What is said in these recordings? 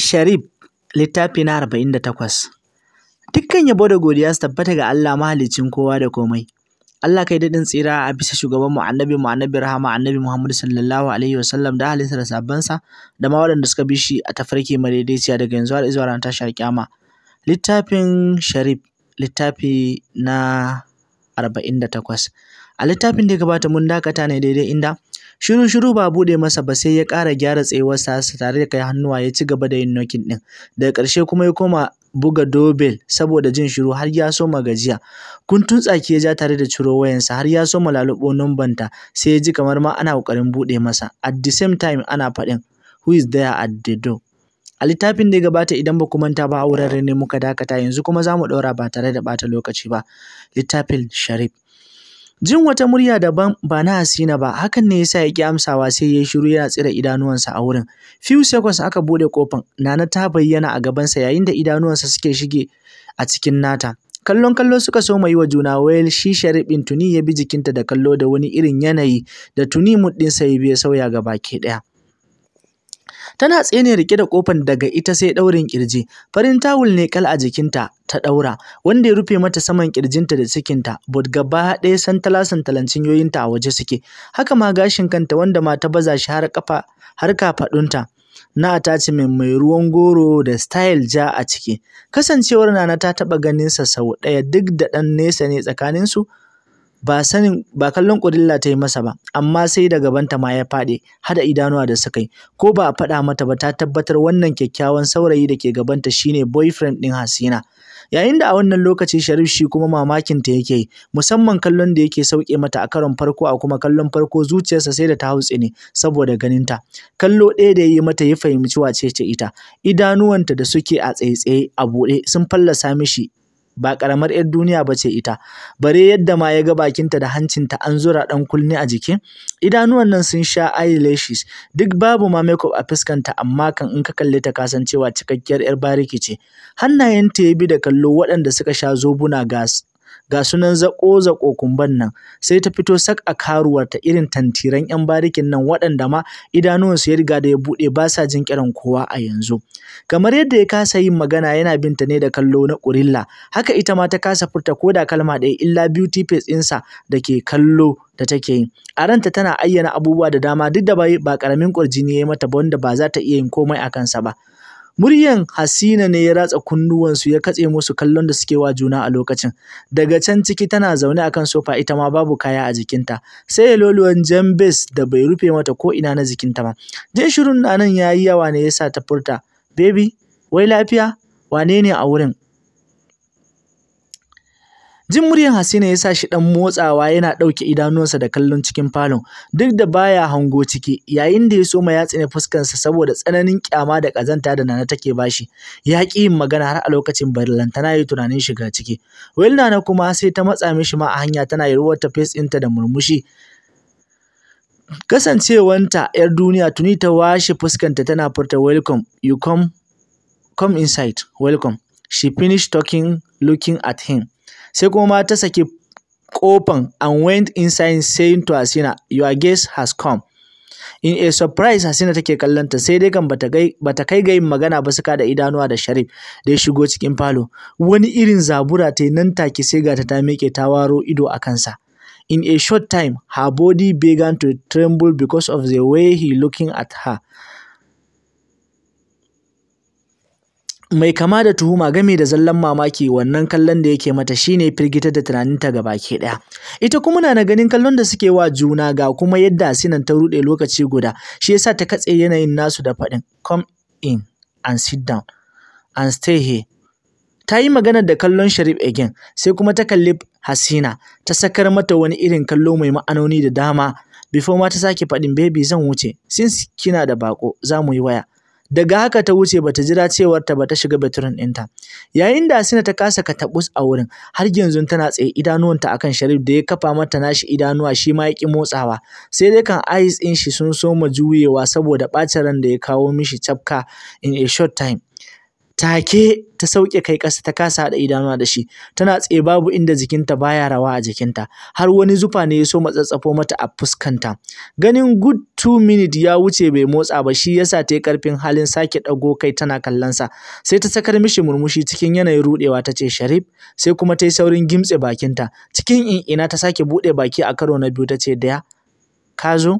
Sharif littafi na arba'in da takwas. Dukkan yabo da godiya su tabbata ga Allah mahalicin kowa da komai. Allah kai daɗin tsira a bisa shugaban mu annabi mu annabi rahama annabi Muhammad sallallahu alaihi wasallam da halittar sabbansa da ma waɗanda suka bi shi a tafarki madaidaiciya daga yanzu har zuwa ran tashar kyama. Littafin Sharif littafi na arba'in da takwas. A littafin da ya gabata mun dakata ne daidai inda Shiru shiru ba buɗe masa ba sai ya ƙara gyara tsayuwarsa tare da kai hannuwa ya ci gaba da yin nokin ɗin. Daga ƙarshe kuma ya koma buga dobel saboda jin shiru har ya soma gajiya. Kuntun tsaki ya ja tare da ciro wayansa har ya soma lalubo numbanta sai ya ji kamar ma ana ƙoƙarin buɗe masa. At the same time ana faɗin who is there at the door. A littafin da ya gabata idan ba ku manta ba a wuraren ne muka dakata yanzu kuma za mu ɗora ba tare da ɓata lokaci ba. Littafin Sharif. Jin wata murya daban ba na Hasina ba, hakan ne yasa ya ƙi amsawa sai ya yi shiru yana tsira idanuwansa a wurin. Few seconds aka buɗe kofan, Nana ta bayyana a gabansa yayin da idanuwansa suke shige a cikin nata. Kallon kallo suka soma yi wa juna wayar shi Sharif tuni ya bi jikinta da kallo da wani irin yanayi da tuni ya bi ya sauya gaba ke ɗaya. Tana tsene rike da kofan daga ita sai daurin kirji. Farin tawul ne kal a jikinta ta daura wanda ya rufe mata saman kirjinta da cikinta. But gaba ɗaya santala talancin yoyinta a waje suke. Haka ma gashin kanta wanda ma ta baza shi har kafa har kafadunta. na attachment mai ruwan goro da style ja a ciki. Kasancewar Nana ta taɓa ganinsa sau ɗaya duk da ɗan nesa ne tsakaninsu, ba sanin ba kallon kudilla ta yi masa ba amma sai da gabanta ma ya faɗi hada idanuwa da suka yi ko ba a faɗa mata ba ta tabbatar wannan kyakkyawan saurayi da ke gabanta shine boyfriend ɗin Hasina yayin da a wannan lokaci Sharif shi kuma mamakin ta yake yi musamman kallon da yake sauke mata a karon farko a kuma kallon farko zuciyarsa sai da ta hautsi ne saboda ganinta kallo ɗaya da ya yi mata ya fahimci wace ce ita idanuwanta da suke a tsaitsaye a buɗe sun fallasa mishi ba ƙaramar 'yar duniya ba ce ita bare yadda ma ya ga bakinta da hancinta an zura ɗan kunne a jiki idanuwan nan sun sha eyelashes duk babu ma makeup a fuskanta amma kan in ka kalli ta kasan cewa cikakkiyar 'yar bariki ce hannayenta ya bi da kallo waɗanda suka sha zobuna gas ga su nan zaƙo-zaƙo kumban nan sai ta fito sak a karuwar ta irin tantiran 'yan barikin nan waɗanda ma idanuwansu ya riga da ya buɗe ba sa jin kiran kowa a yanzu kamar yadda ya kasa yin magana yana binta ne da kallo na ƙurilla haka ita ma ta kasa furta ko da kalma ɗaya illa beauty face ɗinsa da ke kallo da take yi a ranta tana ayyana abubuwa da dama duk da ba ƙaramin ƙurjini ya yi mata ba wanda ba za ta iya yin komai a kansa ba Muryan Hasina ne ya ratsa kunnuwansu ya katse musu kallon da suke wa juna a lokacin. Daga can ciki tana zaune akan sofa ita ma babu kaya a jikinta. Sai loluwan jambes da bai rufe mata ko ina na jikinta ba. Jin shirun nan yayi yawa ne yasa ta furta. Baby, wai lafiya? Wane ne a wurin? Jin muryar Hasina ya sa shi ɗan motsawa yana ɗauke idanuwansa da kallon cikin falon, duk da baya hango ciki, yayin da ya soma ya tsine fuskarsa saboda tsananin ƙyama da ƙazanta da Nana take bashi. Ya ƙi yin magana har a lokacin tana ya tunanin shiga ciki. Wail Nana kuma sai ta matsa mishi ma a hanya tana yiwuwar ta face ɗinta da murmushi. Kasancewanta 'yar duniya tuni ta washe fuskanta tana furta welcome, you come, come inside, welcome. She finished talking, looking at him. Sai kuma ma ta saki ƙofan and went inside saying to Hasina, Your guest has come. In a surprise Hasina take kallonta sai dai kan bata kai ga yin magana ba suka da idanuwa da Sharif da ya shigo cikin falo. Wani irin zabura ta nan take sai ga ta ta miƙe ta waro ido a kansa. In a short time her body began to tremble because of the way he looking at her. mai kama da tuhuma game da zallan mamaki wannan kallon da yake mata shine firgitar da tunaninta ke daya ita kuma na ganin kallon da suke wa juna ga kuma yadda sinan ta rude lokaci guda shi yasa ta katse yanayin nasu da faɗin come in and sit down and stay here ta yi magana da kallon Sharif again sai kuma ta kalli Hasina ta sakar mata wani irin kallo mai ma'anoni da dama before ma ta sake faɗin baby zan wuce since kina da bako za mu yi waya Daga haka ta wuce bata jira cewarta ba ta shiga bedroom ɗinta. Yayin da Asina ta kasa katabus a wurin, har yanzu tana tsaye idanuwanta akan Sharif da ya kafa mata nashi idanuwa shi ma ya ki motsawa. Sai dai kan eyes ɗin shi sun soma juyewa saboda ɓacin ran da ya kawo mishi cafka in a short time. take ta sauke kai ƙasa ta kasa haɗa idanuwa da shi tana tsaye babu inda jikinta baya rawa a jikinta har wani zufa ne ya so matsatsafo mata a fuskanta ganin good two minute ya wuce bai motsa ba shi yasa ta yi ƙarfin halin sake ɗago kai tana kallon sa. sai ta sakar mishi murmushi cikin yanayin ruɗewa ta ce sharif sai kuma ta yi saurin gimtse bakinta cikin in ina ta sake buɗe baki a karo na biyu ta ce daya ka zo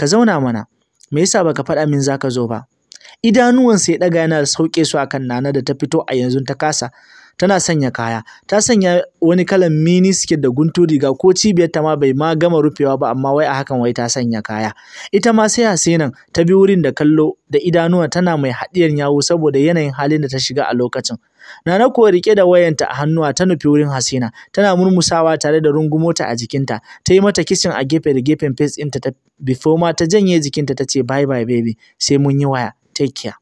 ka zauna mana me yasa baka faɗa min zaka zo ba idanuwansa ya ɗaga yana sauke su akan Nana da ta fito a yanzu ta kasa tana sanya kaya ta sanya wani kalan mini skirt da guntun riga ko cibiyar ta ma bai ma gama rufewa ba amma wai a hakan wai ta sanya kaya ita ma sai nan ta bi wurin da kallo da idanuwa tana mai haɗiyar yawo saboda yanayin halin da ta shiga a lokacin Nana kuwa rike da wayanta a hannuwa ta nufi wurin Hasina tana murmusawa tare da rungumota a jikinta ta yi mata kishin a gefe da gefen face ɗinta ta before ma ta janye jikinta ta ce bye bye baby sai mun yi waya take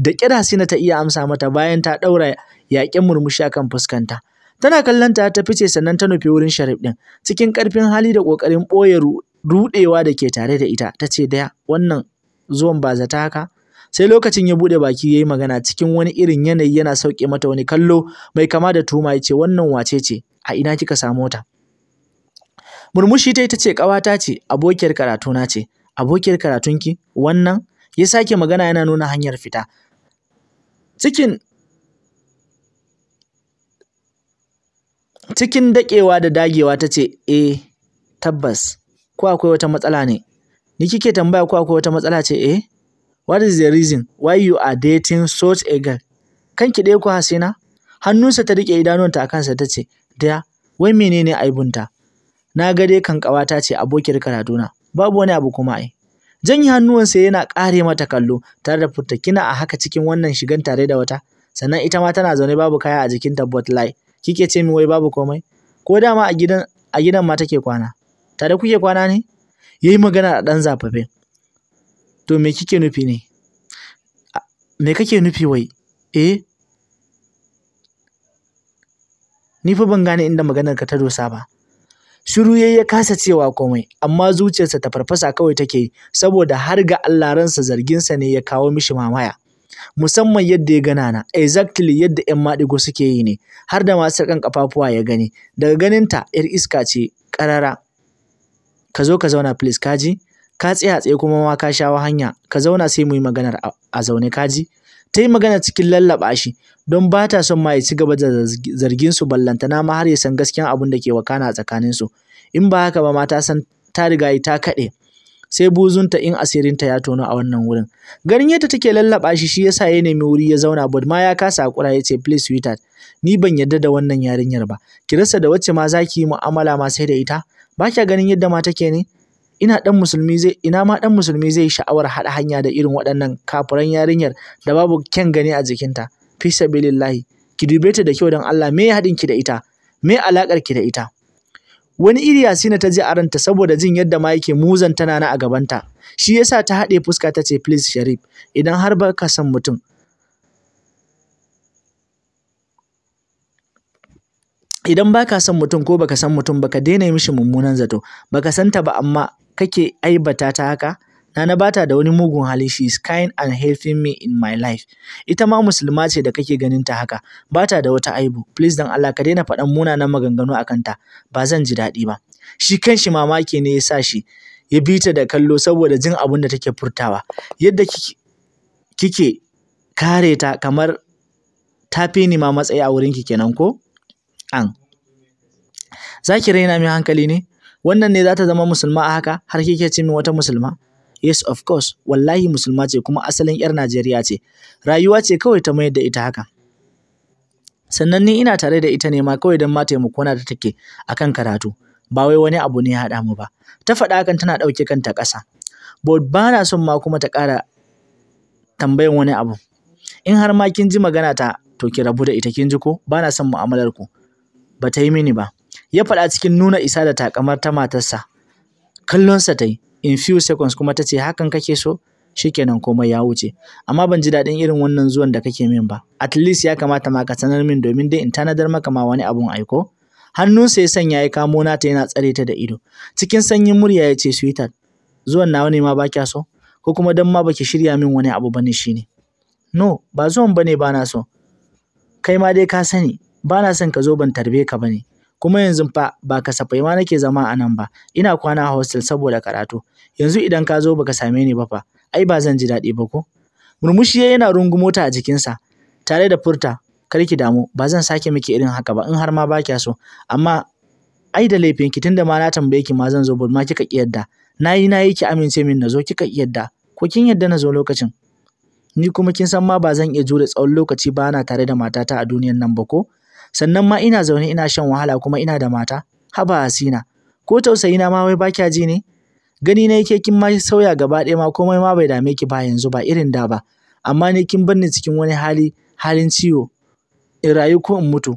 Da ƙyar Hasina ta iya amsa mata bayan ta ɗaura yaƙin murmushi akan fuskanta. Tana kallon ta ta fice sannan ta nufi wurin Sharif ɗin. Cikin ƙarfin hali da ƙoƙarin ɓoye ruɗewa da ke tare da ita, ta ce daya wannan zuwan ba zata haka. Sai lokacin ya buɗe baki ya yi magana cikin wani irin yanayi yana sauke mata wani kallo mai kama da tuma ya ce wannan wace ce a ina kika samo ta. Murmushi ta ce ƙawata ce abokiyar karatuna ce abokiyar karatunki wannan ya sake magana yana nuna hanyar fita cikin cikin daƙewa da dagewa ta ce e tabbas ko akwai wata matsala ne ni kike tambaya ko akwai wata matsala ce e, what is the reason why you are dating such a girl kanki ɗaya ku hasina hannunsa ta riƙe idanuwanta a kansa ta ce daya wai menene aibunta na ga dai kan ƙawata ce abokiyar karatuna babu wani abu kuma ai janye hannuwansa yana ƙare mata kallo tare da fitakina a haka cikin wannan shigan tare da wata sannan ita ma tana zaune babu kaya a jikinta but lie kike ce min wai babu komai ko dama a gidan a gidan ma take kwana tare kuke kwana ne yayi magana da ɗan zafafe to me kike nufi ne me kake nufi wai eh ni fa ban gane inda maganar ka ta dosa ba Shiru yayi ya kasa cewa komai, amma zuciyarsa ta farfasa kawai take yi, saboda har ga Allah ransa zarginsa ne ya kawo mishi mamaya. Musamman yadda ya gana na, exactly yadda ‘yan maɗigo suke yi ne, har da masu kan kafafuwa ya gani. Daga ganinta, ‘yar iska ce, ƙarara. Ka zo ka zauna please, kaji? Ka tsaya tsaye kuma ma ka shawo hanya, ka zauna sai mu yi maganar a zaune, kaji? ta yi magana cikin lallaɓa shi don ba ta son ma ya ci gaba da zargin su ballantana ma har ya san gaskiyan abin da ke wakana a tsakanin su in ba haka ba mata san ta riga ta kaɗe sai buzunta in asirinta ya tono a wannan wurin ganin yadda take lallaɓa shi shi yasa ya nemi wuri ya zauna but ma ya kasa hakura ya ce please sweetheart ni ban yadda da wannan yarinyar ba ki rasa da wacce ma za ki yi mu'amala ma sai da ita ba kya ganin yadda ma take ne ina ɗan musulmi zai ina ma ɗan musulmi zai sha'awar haɗa hanya da irin waɗannan kafuran yarinyar da babu kyan gani a jikinta fi sabilillahi ki dube ta da kyau don Allah me haɗin ki da ita me alakar ki da ita wani iri Yasina ta ji a ranta saboda jin yadda ma yake muzan tana na a gabanta shi yasa ta haɗe fuska ta ce please Sharif idan har ba ka san mutum idan baka son mutum ko baka san mutum baka daina mishi mummunan zato baka ta ba amma kake aibata ta haka? Nana ba ta da wani mugun hali, she is kind and helping me in my life. Ita ma musulma ce da kake ganin ta haka, ba ta da wata aibu. Please don Allah ka daina faɗan munanan maganganu a kanta, ba zan ji daɗi ba. Shi kanshi mamaki ne ya sa shi ya bi ta da kallo saboda jin abin da take furtawa. Yadda kike kare ta kamar ta fi ni ma matsayi a wurinki kenan ko? An. Za ki raina min hankali ne? wannan ne za ta zama musulma a haka har kike ce min wata musulma yes of course wallahi musulma ce kuma asalin yar Najeriya ce rayuwa ce kawai ta mayar da ita haka sannan ni ina tare da ita ne ma kawai don ma taimakona da take akan karatu ba wai wani abu ne ya haɗa mu ba ta faɗa hakan tana ɗauke kanta ƙasa but ba na son ma kuma ta ƙara tambayan wani abu in har ma kin ji magana ta to ki rabu da ita kin ji ko ba na son mu'amalar ku ba ta yi mini ba ya faɗa cikin nuna isa da takamar ta matarsa kallonsa ta yi in few seconds kuma ta ce hakan kake so shikenan komai ya wuce amma ban ji daɗin irin wannan zuwan da kake min ba at least ya kamata ma ka sanar min domin dai in tanadar maka ma wani abun aiko hannunsa ya sanya ya kamo nata yana tsare ta da ido cikin sanyin murya ya ce sweetheart zuwan nawa ne ma ba kya so ko kuma dan ma baki shirya min wani abu bane shine no ba zuwan bane ba na so kai ma dai ka sani ba na son ka zo ban tarbe ka bane Kuma yanzu fa ba kasafai ma nake zama a nan ba. Ina kwana a hostel saboda karatu. Yanzu idan ka zo baka same ni ba fa, ai ba zan ji daɗi ba ko? Murmushi yayi yana rungumo ta a jikinsa tare da furta, kar ki damu, ba zan sake miki irin haka ba in har ma ba kya so. Amma ai da laifin ki! tunda ma na tambaye ki ma zan zo ba ma kika ƙi nayi nayi ki amince min na zo kika ƙi Ko kin yarda na zo lokacin? Ni kuma kin san ma ba zan iya jure tsawon lokaci ba na tare da matata a duniyan nan ba ko? sannan ma ina zaune ina shan wahala kuma ina da mata haba Asina. ko tausayina na ma wai ba kya ji ne gani na yake kin ma sauya gaba ɗaya ma komai ma bai dame ki ba yanzu ba irin da ba amma ni kin bar ni cikin wani hali halin ciwo in rayu ko in mutu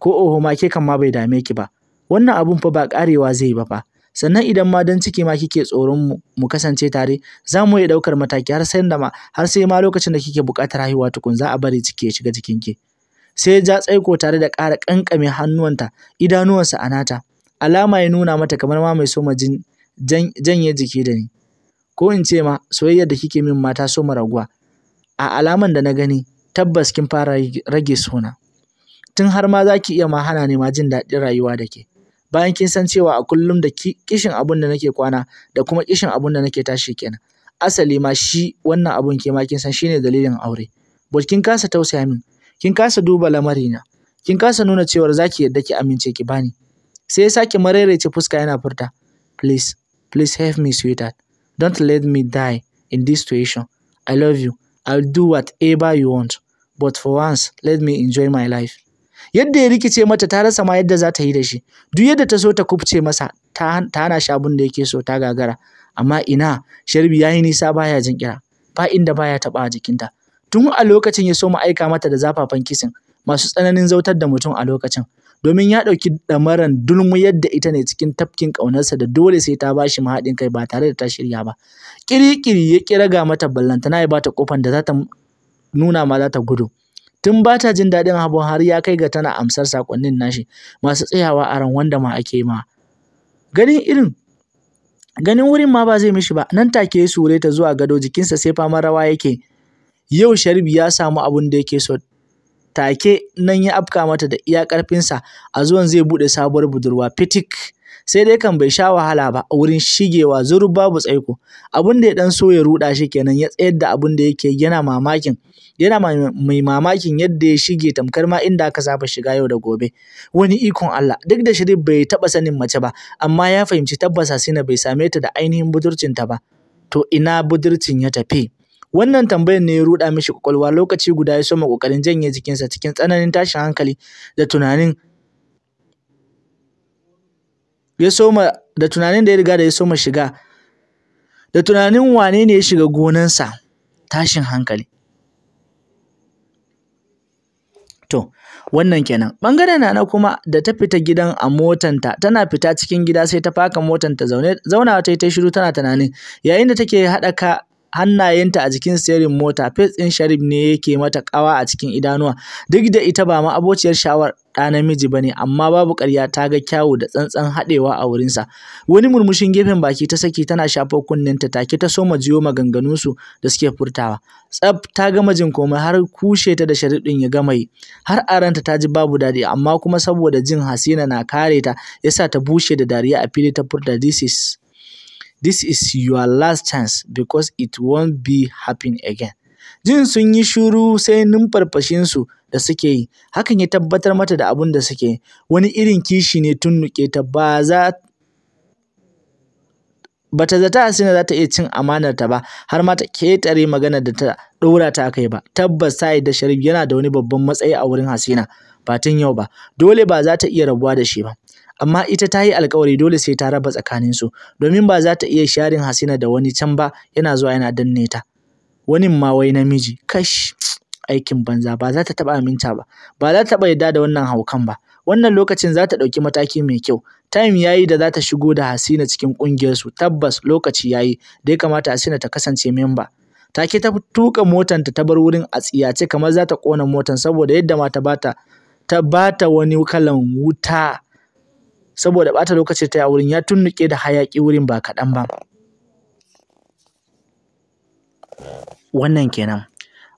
ko oho ma ke kan ma bai dame ki ba wannan abun fa ba karewa zai ba fa sannan idan ma dan ciki ma kike tsoron mu mu kasance tare za mu iya ɗaukar mataki har sai ma lokacin da kike buƙatar haihuwa tukun za a bari ciki ya shiga ki? sai ya ja tsaiko tare da ƙara ƙanƙame hannuwanta idanuwansa a nata alama ya nuna mata kamar ma mai soma jin janye jiki da ni ko in ce ma soyayyar da kike min mata soma raguwa a alaman da na gani tabbas kin fara rage suna tun har ma za ki iya ma hana ni ma jin daɗin rayuwa da ke bayan kin san cewa a kullum da kishin abun da nake kwana da kuma kishin abun da nake tashi kenan asali ma shi wannan abun ke ma kin san shine dalilin aure but kin kasa tausaya min kin kasa duba lamarina kin kasa nuna cewar ki yadda ki amince ki bani sai ya sake maraice fuska yana furta please please help me sweetheart don't let me die in this situation i love you i'll do whatever you want but for once let me enjoy my life yadda ya rikice mata ta rasa ma yadda za ta yi da shi duk yadda ta so ta kufce masa ta hana shi abin da yake so ta gagara amma ina sharbi yayi nisa baya jin kira ba inda baya taba jikinta Tun a lokacin ya so mu aika mata da zafafan kisan masu tsananin zautar da mutum a lokacin. Domin ya ɗauki ɗamaran dulmu yadda ita ne cikin tafkin ƙaunarsa da dole sai ta bashi mahaɗin kai ba tare da ta shirya ba. Ƙiri-ƙiri ya ƙiraga mata ballantana ya bata ƙofan da za ta nuna ma za ta gudu. tun ba ta jin daɗin abun har ya kai ga tana amsar saƙonnin nashi masu tsayawa a ran wanda ma ake ma ganin irin ganin wurin ma ba zai mishi ba nan take ya sure ta zuwa gado jikinsa sai faman rawa yake Yau Sharif ya samu abin da yake so take nan ya afka mata da iya ƙarfinsa a zuwan zai buɗe sabuwar budurwa fitik sai dai kan bai sha wahala ba wurin shigewa zurub babu tsaiko abin da ya dan so ya ruɗa shi kenan ya tsayar da abin da yake yana mamakin yana mai mamakin yadda ya shige tamkar ma inda aka saba shiga yau da gobe wani ikon Allah duk da Sharif bai taɓa sanin mace ba amma ya fahimci tabbas Sina bai same ta da ainihin budurcinta ba to ina budurcin ya tafi Wannan tambayar ne ya ruɗa mishi kwakwalwa lokaci guda ya soma ƙoƙarin janye jikinsa cikin tsananin tashin hankali da tunanin ya soma da tunanin da ya riga da ya soma shiga da tunanin wane ne ya shiga gonansa tashin hankali. To, wannan kenan. ɓangare na, na kuma da ta fita gidan a motanta, tana fita cikin gida sai ta faka motanta zaune, zaunawa ta yi ta shiru tana tunanin, yayin da take haɗa ka hannayenta a jikin steering mota, fes ɗin Sharif ne yake mata ƙawa a cikin idanuwa. Duk da ita ba ma'abociyar sha'awar ɗa namiji ba ne, amma babu ƙarya ta ga kyawu da tsantsan haɗewa a wurinsa. Wani murmushin gefen baki ta saki tana shafar ta take ta soma jiyo maganganunsu da suke furtawa. Tsaf ta gama jin komai har kushe ta da Sharif ɗin ya gama yi. Har a ranta ta ji babu daɗi, amma kuma saboda jin Hasina na kare ta, yasa ta bushe da dariya a fili ta furta disis. This is your last chance because it won't be happening again. Jin sun yi shuru sai numfarfashinsu da suke yi, hakan ya tabbatar mata da abin da suke yi, wani irin kishi ne nuke ta ba za bata zata Hasina za ta iya cin amanar ta ba har ma ta ketare magana da ta ɗora ta kai ba tabbas sai da Sharif yana da wani babban matsayi a wurin Hasina ba tun yau ba dole ba za ta iya rabuwa da shi ba amma ita ta yi alkawari dole sai ta raba tsakaninsu domin ba za ta iya sharin Hasina da wani can ba yana zuwa yana danne ta wani ma wai namiji kash aikin banza ba za ta taɓa aminta ba ba za ta taɓa yarda da wannan haukan ba wannan lokacin za ta ɗauki mataki mai kyau time yayi da za ta shigo da Hasina cikin ƙungiyarsu tabbas lokaci yayi da ya kamata Hasina ta kasance memba take ta tuka motanta ta bar wurin a tsiyace kamar za ta ƙona motan saboda yadda ma ta bata ta bata wani kalan wuta saboda ɓata lokaci ta a wurin ya tunnuke da hayaƙi wurin ba kaɗan ba wannan kenan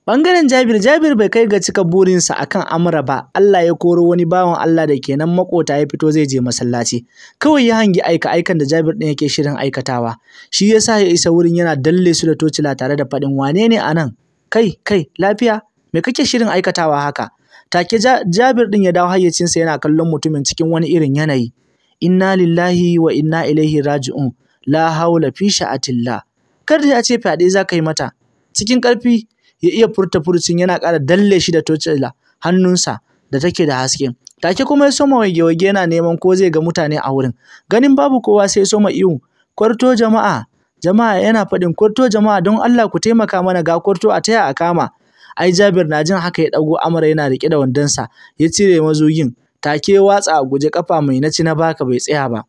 Bangaren Jabir, Jabir bai kai ga cika burinsa kan Amra ba, Allah ya koro wani bawan Allah da kenan makota ya fito zai je masallaci. Kawai ya hangi aika aikan da Jabir ɗin yake shirin aikatawa. Shi ya sa ya isa wurin yana dalle su da tocila tare da faɗin wane ne a nan? Kai, kai, lafiya, me kake shirin aikatawa haka? Take Jabir ɗin ya dawo hayyacinsa yana kallon mutumin cikin wani irin yanayi. inna lillahi wa inna ilaihi raji'un la haula fi sha'atillah kar da ya ce fyaɗe za ka yi mata cikin ƙarfi ya iya furta furucin yana ƙara dalle shi da tocila hannunsa da take da haske take kuma ya soma wage-wage yana neman ko zai ga mutane a wurin ganin babu kowa sai ya soma ihu kwarto jama'a jama'a yana faɗin kwarto jama'a don Allah ku taimaka mana ga kwarto a taya a kama ai Jabir na jin haka ya ɗago amara yana riƙe da wandonsa ya cire mazugin Take watsa a guje kafa mai naci na baka bai tsaya ba.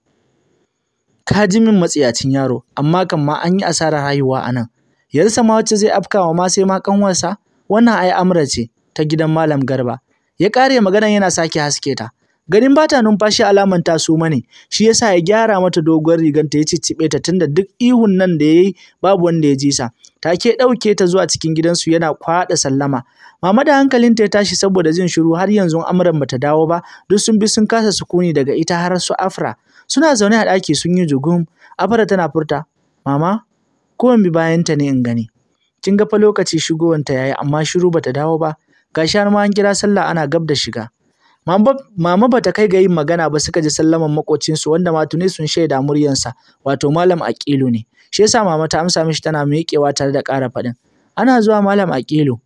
Ka ji min matsiyacin yaro, amma kan ma an yi asarar haihuwa a nan. Yarsa ma wacce zai wa ma sai ma ƙanwarsa? Wannan ai Amra ce ta gidan Malam Garba. Ya ƙare maganan yana sake haske ta. Ganin ba ta numfashi alaman ta suma ne, shi yasa ya gyara mata doguwar riganta ya ciccibe ta tunda duk ihun nan da ya yi babu wanda ya ji sa. Take ɗauke ta zuwa cikin gidansu yana kwaɗa sallama. Mama da hankalinta ya tashi saboda jin shiru har yanzu amuran bata dawo ba, duk sun bi sun kasa sukuni daga ita har su Afra. Suna zaune a ɗaki sun yi jugum, Afra tana furta, "Mama, ko in bi bayanta ne in gani?" Kin ga fa lokaci shigowanta yayi amma shiru bata dawo ba. Gashi har ma an kira sallah ana gab da shiga. Mama bata kai ga yin magana ba suka ji sallaman maƙocinsu wanda ma tuni sun shaida sa wato Malam Aƙilu ne. Shi yasa mama ta amsa mishi tana miƙewa tare da ƙara faɗin, "Ana zuwa Malam Aƙilu."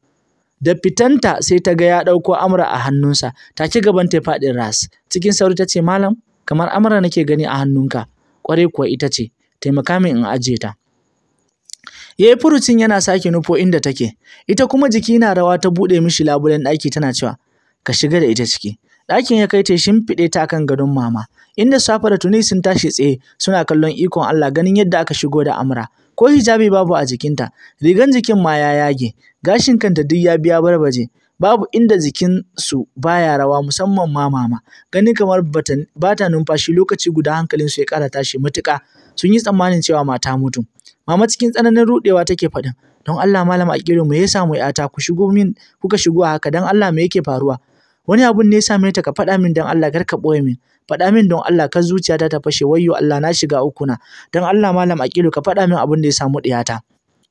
Da fitanta sai ta ga ya ɗauko amura a hannunsa, ta take gaban ta faɗin ras. Cikin sauri ta ce, Malam, kamar amura nake gani a hannunka, ƙwarai kuwa ita ce, taimaka min in ajiye ta. Ya yi furucin yana sake nufo inda take, ita kuma jiki na rawa ta buɗe mishi labulen ɗaki tana cewa, ka shiga da ita ciki. Ɗakin ya kai ta shimfiɗe ta kan gadon mama, inda safa da tuni sun tashi tsaye suna kallon ikon Allah ganin yadda aka shigo da amura. ko hijabi babu a jikinta, rigan jikin ma ya yage, gashin kanta duk ya biya barbaje, babu inda jikinsu baya rawa musamman ma mama, Gani kamar ba ta numfashi lokaci guda hankalin su ya ƙara tashi matuƙa, sun yi tsammanin cewa mata mutu. Mama cikin tsananin ruɗewa take faɗin, don Allah malam Akilu me ya samu ‘yata ku shigo min kuka shigo haka don Allah me yake faruwa? wani abun ne ya same ta ka faɗa min don Allah kar ka ɓoye min faɗa min don Allah kar zuciya ta fashe wayyo Allah na shiga na, don Allah malam Aqilu ka faɗa min abun da ya samu ɗiyata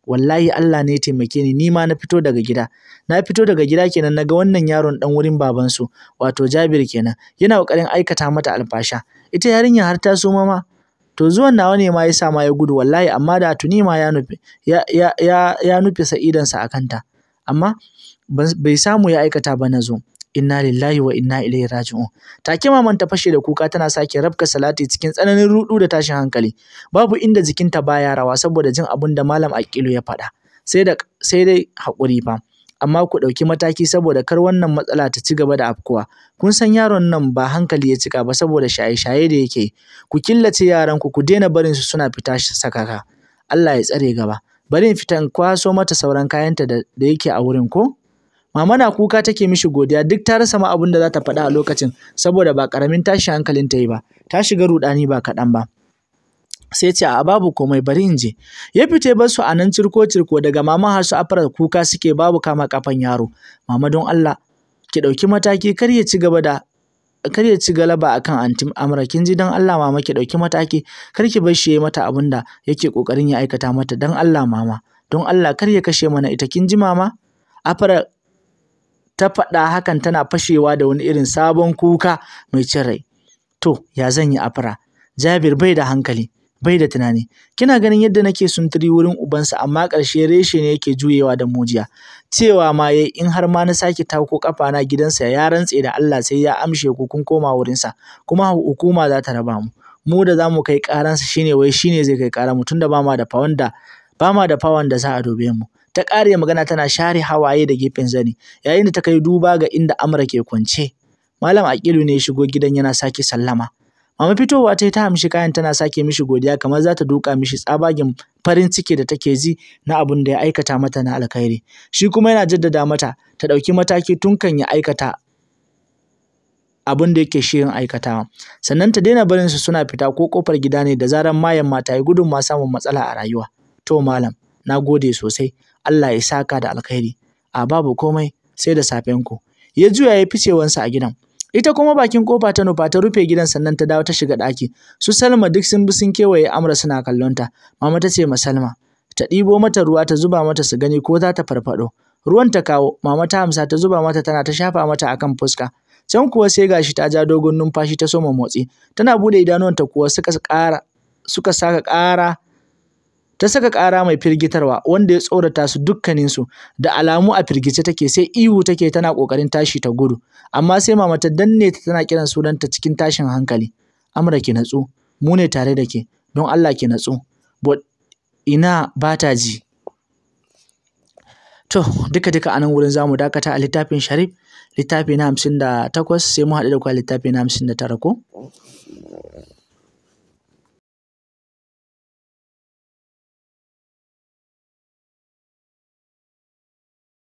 wallahi Allah ne ya taimake ni ni ma na fito daga gida na fito daga gida kenan naga wannan yaron dan wurin baban su wato Jabir kenan yana kokarin aikata mata alfasha ita yarinya har ta so mama to zuwan nawa ne ma yasa ma ya gudu wallahi amma da tuni ma ya nufi ya ya ya, ya nufi sa akanta amma bai samu ya aikata ba na zo inna lillahi wa inna ilaihi raji'un take maman ta fashe da kuka tana sake rabka salati cikin tsananin rudu da tashin hankali babu inda jikinta baya rawa saboda jin abun da malam Aqilu ya faɗa sai da sai dai hakuri fa amma ku ɗauki mataki saboda kar wannan matsala ta ci gaba da afkuwa kun san yaron nan ba hankali ya cika ba saboda shaye-shaye da yake ku killace yaran ku ku daina barin su suna fita sakaka Allah ya tsare gaba bari in fita kwaso mata sauran kayanta da yake a wurin ko Mama na kuka take mishi godiya duk ta rasa ma abin da za ta faɗa a lokacin saboda ba ƙaramin tashi hankalin ta yi ba, ta shiga ruɗani ba kaɗan ba. Sai ce a babu komai bari in je. Ya fita bar su a nan cirko-cirko daga mama har su afara kuka suke babu kama kafan yaro. Mama don Allah ki ɗauki mataki kar ya ci gaba da kar ya ci galaba akan anti Amra kin ji dan Allah mama ki ɗauki mataki kar ki bar shi yayi mata abin da yake kokarin ya aikata mata dan Allah mama don Allah kar ya kashe mana ita kin ji mama afara ta faɗa hakan tana fashewa da wani irin sabon kuka mai cin rai. To, ya zan yi afara? Jabir bai da hankali, bai da tunani. Kina ganin yadda nake suntiri wurin ubansa amma ƙarshe reshe ne yake juyewa da mujiya. Cewa ma in har ma na sake tako na gidansa ya rantse da Allah sai ya amshe ku kun koma wurinsa, kuma hukuma za ta raba mu. Mu da za mu kai ƙaransa shine wai shine zai kai ƙara mu tunda ba ma da fawanda da fawan da za a dobe mu. ta ƙare magana tana share hawaye da gefen zani yayin da ta kai duba ga inda Amra ke kwance Malam Aqilu ne ya shigo gidan yana sake sallama Mama fitowa ta yi ta hamshi kayan tana sake mishi godiya kamar za ta duka mishi tsabagen farin ciki da take ji na abin da ya aikata mata na alkhairi. Shi kuma yana jaddada mata ta ɗauki mataki tun kan ya aikata abin da yake shirin aikatawa. Sannan ta daina barin su suna fita ko kofar gida ne da zaran mayan mata ya gudun ma samun matsala a rayuwa. To malam, na gode sosai. Allah ya saka da alkhairi a babu komai sai da safen ku ya juya ya ficewansa a gidan ita kuma bakin kofa ta nufa ta rufe gidan sannan ta dawo ta shiga daki. su Salma duk sun bi sun kewaye Amra suna kallon ta mama ta ce ma Salma ta ɗibo mata ruwa ta zuba mata su gani ko za ta farfado? ruwan ta kawo mama ta amsa ta zuba mata tana ta shafa mata akan fuska can kuwa sai gashi ta ja dogon numfashi ta soma motsi tana bude ta kuwa suka kara suka saka ƙara ta saka ƙara mai firgitarwa wanda ya tsorata su dukkaninsu da alamu a firgice take sai ihu take tana ƙoƙarin tashi ta gudu amma sai mama ta danne ta tana kiran sunanta cikin tashin hankali amra ki natsu mu ne tare da ke don Allah ki natsu but ina bata ji to duka duka anan wurin zamu dakata a littafin sharif littafi na hamsin sai mu haɗu da kwa littafi na hamsin tara ko